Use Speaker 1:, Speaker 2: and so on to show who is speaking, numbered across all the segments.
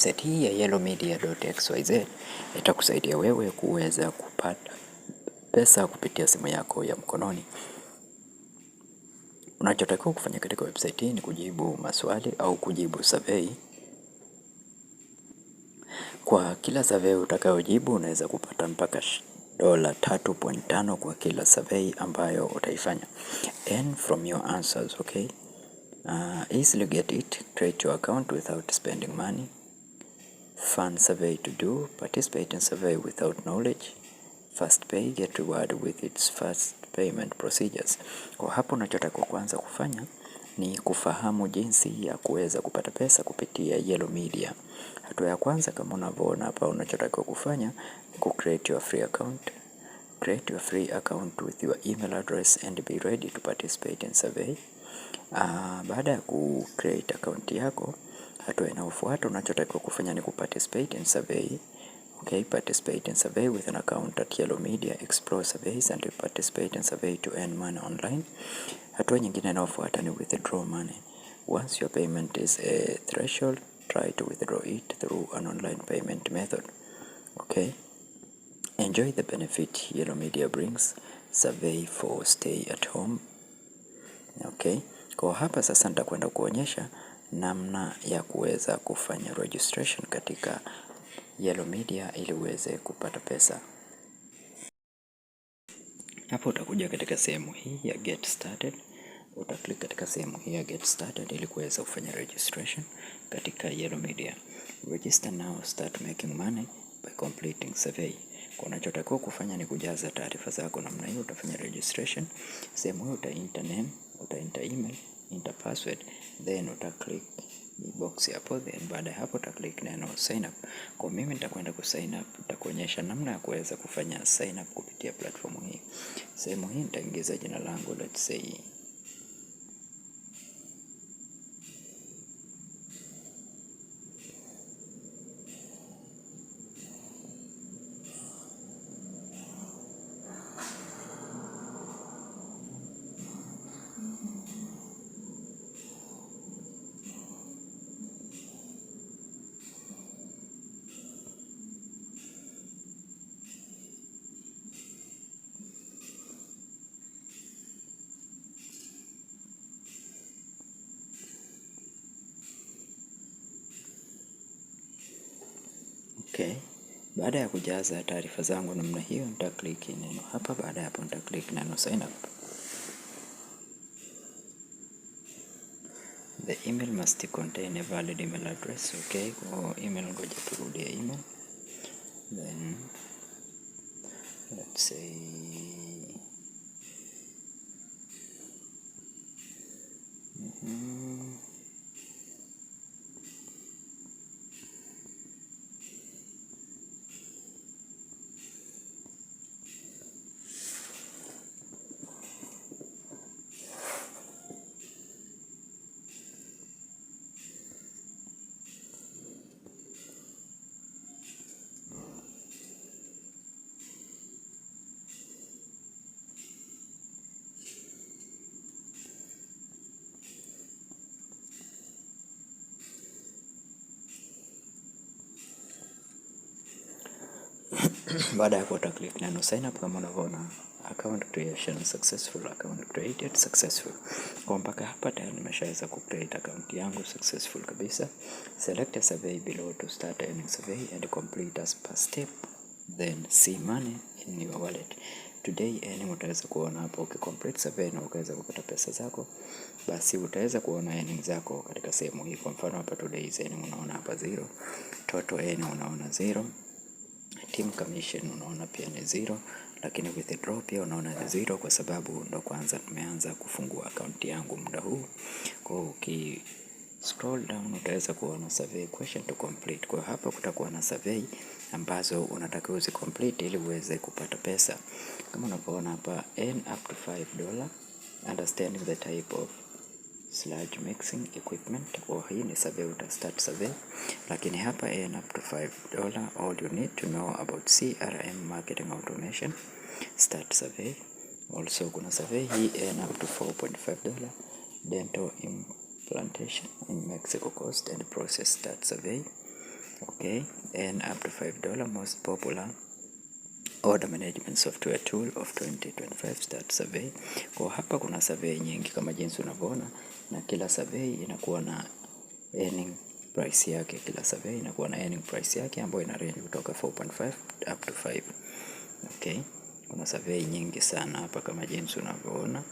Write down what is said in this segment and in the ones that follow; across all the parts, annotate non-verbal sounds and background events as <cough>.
Speaker 1: Website hii ya yellowmedia.xyz itakusaidia wewe kuweza kupata pesa kupitia simu yako ya mkononi. Unachotakiwa kufanya katika website hii ni kujibu maswali au kujibu survey. Kwa kila survey utakayojibu unaweza kupata mpaka dola 3.5 kwa kila survey ambayo utaifanya. Earn from your answers, okay? Uh, easily get it. Create your account without spending money. Fun survey to do. Participate in survey without knowledge. First pay, get reward with its first payment procedures. Kwa hapo unachotakiwa kwanza kufanya ni kufahamu jinsi ya kuweza kupata pesa kupitia Yellow Media. Hatua ya kwanza kama unavyoona hapa, unachotakiwa kufanya ni ku create your free account. Create your free account with your email address and be ready to participate in survey. Uh, baada ya ku create account yako Hatua inayofuata unachotakiwa kufanya ni kuparticipate in survey. Okay, participate in survey with an account at Yellow Media, explore surveys and participate in survey to earn money online. Hatua nyingine inayofuata ni withdraw money. Once your payment is a threshold, try to withdraw it through an online payment method. Okay. Enjoy the benefit Yellow Media brings. Survey for stay at home. Okay. Kwa hapa sasa nitakwenda kuonyesha namna ya kuweza kufanya registration katika Yellow Media ili uweze kupata pesa. Hapo utakuja katika sehemu hii ya get started, utaklik katika sehemu hii ya get started ili kuweza kufanya registration katika Yellow Media. Register now, start making money by completing survey. Kwa unachotakiwa kufanya ni kujaza taarifa zako namna hiyo, utafanya registration. Sehemu hiyo utainta name, enter email enter password then uta click box hapo, then baada ya hapo uta click neno sign up. Kwa mimi nitakwenda ku sign up, nitakuonyesha namna ya kuweza kufanya sign up kupitia platform hii. Sehemu hii nitaingiza jina langu let's say Baada ya kujaza taarifa zangu namna hiyo, click neno hapa. Baada ya hapo, click neno sign up. The email must contain a valid email address. Okay, kwa email ngoja turudia email. Then let's say mm -hmm. <clears throat> Baada ya kuwata click neno sign up, kama unavyoona account creation successful, account created successful. Kwa mpaka hapa tayari nimeshaweza ku create account yangu successful kabisa. Select a survey below to start any survey and complete as per step, then see money in your wallet today. Yani utaweza kuona hapo complete survey na ukaweza kupata pesa zako, basi utaweza kuona earning zako katika sehemu hii. Kwa mfano hapa today earning unaona hapa zero, total earning unaona zero team commission unaona pia ni zero, lakini withdraw pia unaona ni zero kwa sababu ndo kwanza tumeanza kufungua akaunti yangu muda huu. Kwa hiyo uki scroll down utaweza kuona survey question to complete. Kwa hapa kutakuwa na survey ambazo unatakiwa uzi complete ili uweze kupata pesa. Kama unavyoona hapa earn up to 5 dollar understanding the type of sludge mixing equipment. or oh, hii ni survey, uta start survey, lakini hapa earn up to $5 all you need to know about CRM marketing automation. Start survey. Also kuna survey hii earn up to $4.5 dental implantation in Mexico cost and process. Start survey. Okay, earn up to $5 most popular Order Management Software Tool of 2025 start Survey. Kwa hapa kuna survey nyingi kama jinsi unavyoona, na kila survey inakuwa na earning price yake. Kila survey inakuwa na earning price yake ambayo ina range kutoka 4.5 up to 5. Okay, kuna survey nyingi sana hapa kama jinsi unavyoona.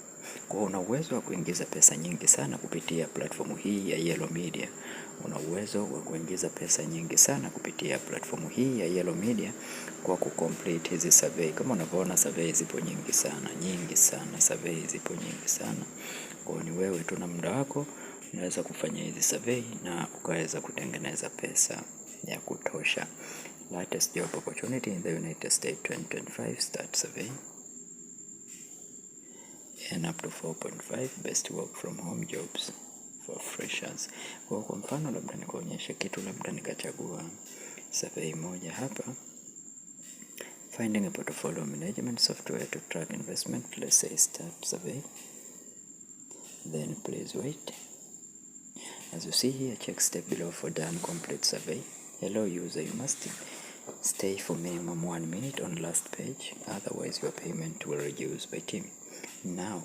Speaker 1: Kwa una uwezo wa kuingiza pesa nyingi sana kupitia platform hii ya Yellow Media una uwezo wa kuingiza pesa nyingi sana kupitia platform hii ya Yellow Media kwa kucomplete hizi survey. Kama unavyoona survey zipo nyingi sana, nyingi sana, survey zipo nyingi sana. Kwa hiyo ni wewe tu na muda wako unaweza kufanya hizi survey na ukaweza kutengeneza pesa ya kutosha. Latest job opportunity in the United States 2025 start survey and up to 4.5 best work from home jobs kwa freshers. Kwa kwa mfano labda nikuonyeshe kitu labda nikachagua survey moja hapa. Finding a portfolio management software to track investment. Let's say start survey. Then please wait. As you see here, check step below for done complete survey. Hello user, you must stay for minimum one minute on last page, otherwise your payment will reduce by team. Now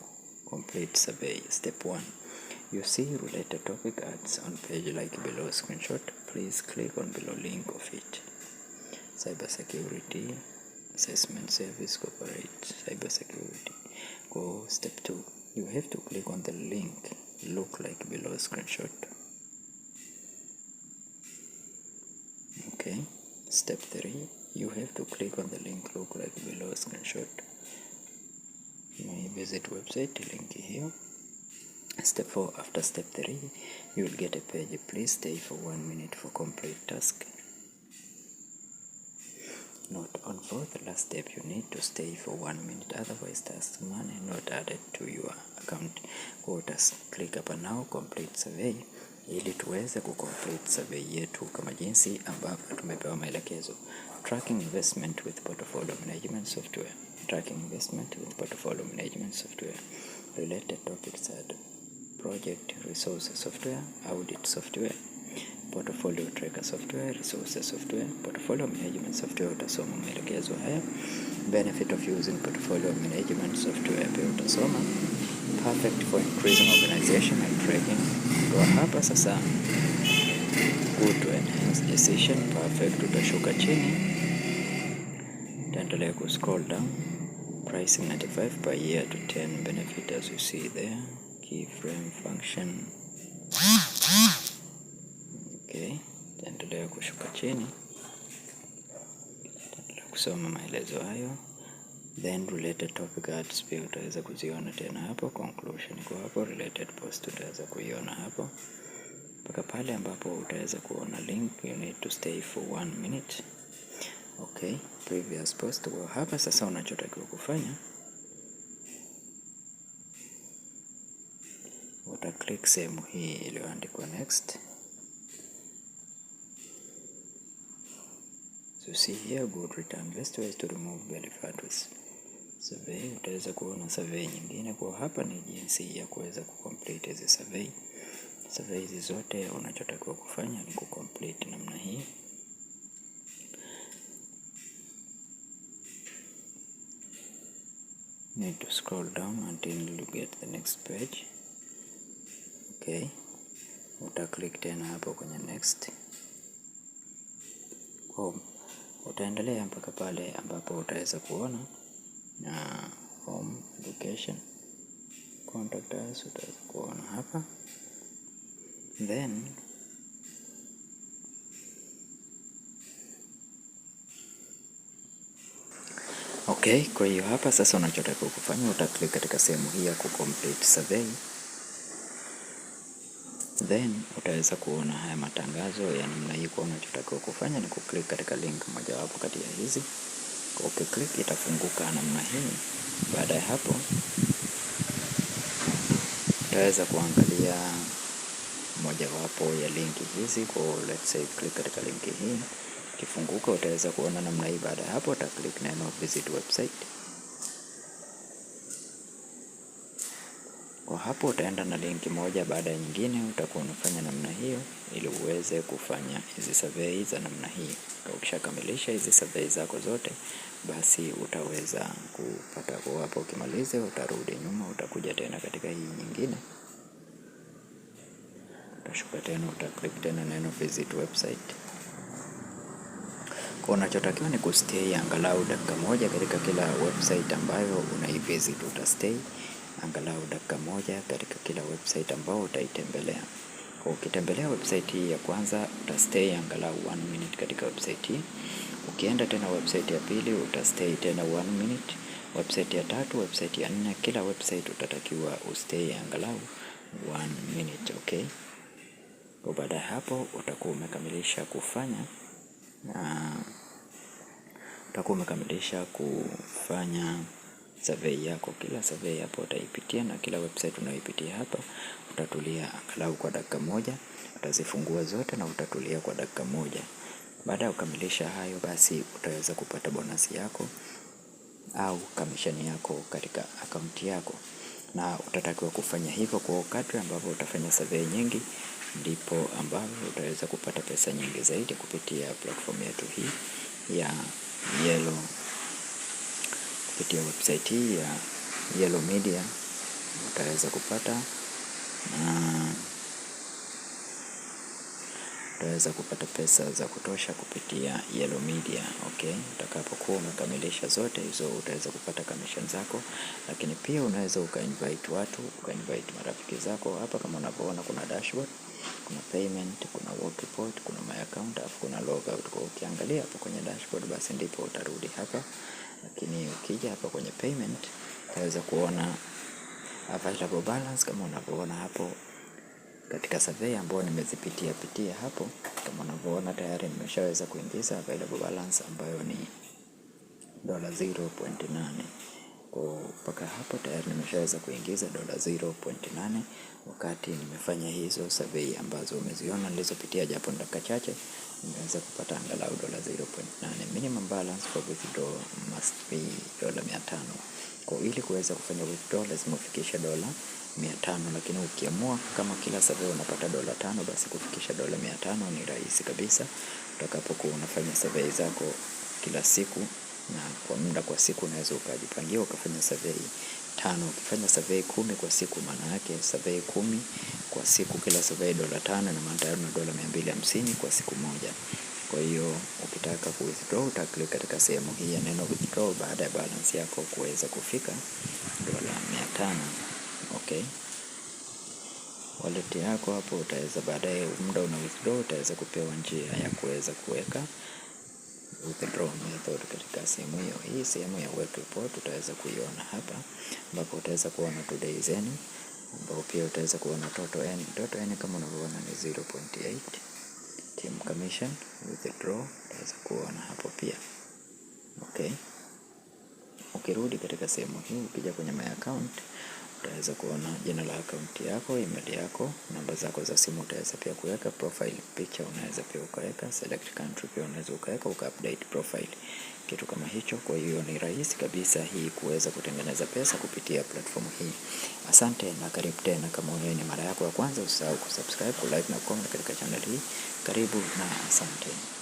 Speaker 1: complete survey step one. you see related topic ads on page like below screenshot please click on below link of it cybersecurity assessment service corporate cybersecurity go step 2 you have to click on the link look like below screenshot okay step 3 you have to click on the link look like below screenshot you visit website link here Step 4. After step 3, you will get a page. Please stay for one minute for complete task. Note on for the last step, you need to stay for one minute, otherwise task money not added to your account quotas. Click hapa now complete survey ili tuweze kucomplete survey yetu kama jinsi ambavyo tumepewa maelekezo. Tracking investment with portfolio management software. Tracking investment with portfolio management software. Related topics are project resources software audit software portfolio tracker software resources software portfolio management software. Utasoma maelekezo haya, benefit of using portfolio management software pia utasoma, perfect for increasing organization and tracking. Ndio hapa sasa, good to enhance decision perfect, utashuka chini, taendelea ku scroll down, pricing 95 per year to 10 benefit as you see there keyframe function. Okay, taendelea kushuka chini, taendelea kusoma maelezo hayo, then related topic ads pia utaweza kuziona tena hapo. Conclusion iko hapo, related post utaweza kuiona hapo mpaka pale ambapo utaweza kuona link you need to stay for one minute. Okay, previous post. Hapa sasa unachotakiwa kufanya uta-click sehemu hii iliyoandikwa next. So see here good return best ways to remove belly fat with survey. Utaweza kuona survey nyingine kwa hapa, ni jinsi ya kuweza kucomplete hizi survey. Survey hizi zote unachotakiwa kufanya ni kucomplete namna hii. Need to scroll down until you get the next page okay. Uta click tena hapo kwenye next, home. Utaendelea mpaka pale ambapo utaweza kuona na home location contact us, utaweza kuona hapa then Okay, kwa hiyo hapa sasa unachotaka kufanya uta click katika sehemu hii ya ku complete survey. Then utaweza kuona haya matangazo ya namna hii. Kwa unachotakiwa kufanya ni kuklik katika link mojawapo kati ya hizi. ukiklik itafunguka namna hii. Baada ya hapo, utaweza kuangalia mojawapo ya linki hizi. Kwa let's say click katika linki hii, kifunguka utaweza kuona namna hii. Baada ya hapo, uta click neno visit website. Kwa hapo utaenda na linki moja baada ya nyingine, utakuwa unafanya namna hiyo ili uweze kufanya hizi survey za namna hii. Ukishakamilisha hizi survey zako zote, basi utaweza kupata kwa hapo. Ukimalize utarudi nyuma, utakuja tena katika hii nyingine, utashuka tena, utaclick tena neno visit website. Kwa unachotakiwa ni kustay angalau dakika moja katika kila website ambayo unaivisit, utastay angalau dakika moja katika kila website ambao utaitembelea. Kwa ukitembelea website hii ya kwanza utastay angalau 1 minute katika website hii. Ukienda tena website ya pili utastay tena 1 minute, website ya tatu, website ya nne, kila website utatakiwa ustay angalau 1 minute, okay? Kwa baada ya hapo utakuwa umekamilisha kufanya na ah, utakuwa umekamilisha kufanya survey yako. Kila survey hapo utaipitia na kila website unayoipitia hapa utatulia angalau kwa dakika moja, utazifungua zote na utatulia kwa dakika moja. Baada ya kukamilisha hayo, basi utaweza kupata bonasi yako au kamishani yako katika akaunti yako, na utatakiwa kufanya hivyo kwa wakati ambapo utafanya survey nyingi, ndipo ambavyo utaweza kupata pesa nyingi zaidi kupitia platform yetu hii ya Yellow kupitia website hii ya Yellow Media utaweza kupata na utaweza kupata pesa za kutosha kupitia Yellow Media. Okay, utakapokuwa umekamilisha zote hizo utaweza kupata commission zako, lakini pia unaweza ukainvite watu, ukainvite marafiki zako. Hapa kama unavyoona kuna dashboard, kuna payment, kuna work report, kuna my account, afu kuna logout. Kwa ukiangalia hapo kwenye dashboard, basi ndipo utarudi hapa lakini ukija hapa kwenye payment utaweza kuona available balance kama unavyoona hapo katika survey ambayo nimezipitia pitia hapo. Kama unavyoona tayari nimeshaweza kuingiza available balance ambayo ni dola 0.8 mpaka hapo tayari nimeshaweza kuingiza dola 0.8 wakati nimefanya hizo survey ambazo umeziona nilizopitia, japo dakika chache, nimeweza kupata angalau dola 0.8. Minimum balance for withdraw must be dola 500. Kwa ili kuweza kufanya withdraw lazima ufikishe dola 500, lakini ukiamua kama kila survey unapata dola tano, basi kufikisha dola 500 ni rahisi kabisa utakapokuwa unafanya survey zako kila siku na kwa muda kwa siku unaweza ukajipangia ukafanya survey tano. Ukifanya survey kumi kwa siku maana yake survey kumi kwa siku, kila survey dola tano na maana tayari una dola mia mbili hamsini kwa siku moja. Kwa hiyo ukitaka ku withdraw utaklik katika sehemu hii ya neno withdraw baada ya balance yako kuweza kufika dola mia tano. Okay, wallet yako hapo utaweza baadaye, muda una withdraw utaweza kupewa njia ya kuweza kuweka withdraw method katika sehemu hiyo. Hii sehemu ya work report utaweza kuiona hapa, ambapo utaweza kuona today zenu, ambapo pia utaweza kuona total n. Total n kama unavyoona ni 0.8 team commission, withdraw utaweza kuona hapo pia okay. Ukirudi katika sehemu hii ukija kwenye my account utaweza kuona jina la akaunti yako, email yako, namba zako za simu utaweza pia kuweka, profile picture unaweza pia ukaweka, select country pia unaweza ukaweka, uka update profile, kitu kama hicho. Kwa hiyo ni rahisi kabisa hii kuweza kutengeneza pesa kupitia platform hii. Asante na karibu tena. Kama wewe ni mara yako ya kwanza, usisahau kusubscribe, kulike na comment katika channel hii. Karibu na asante.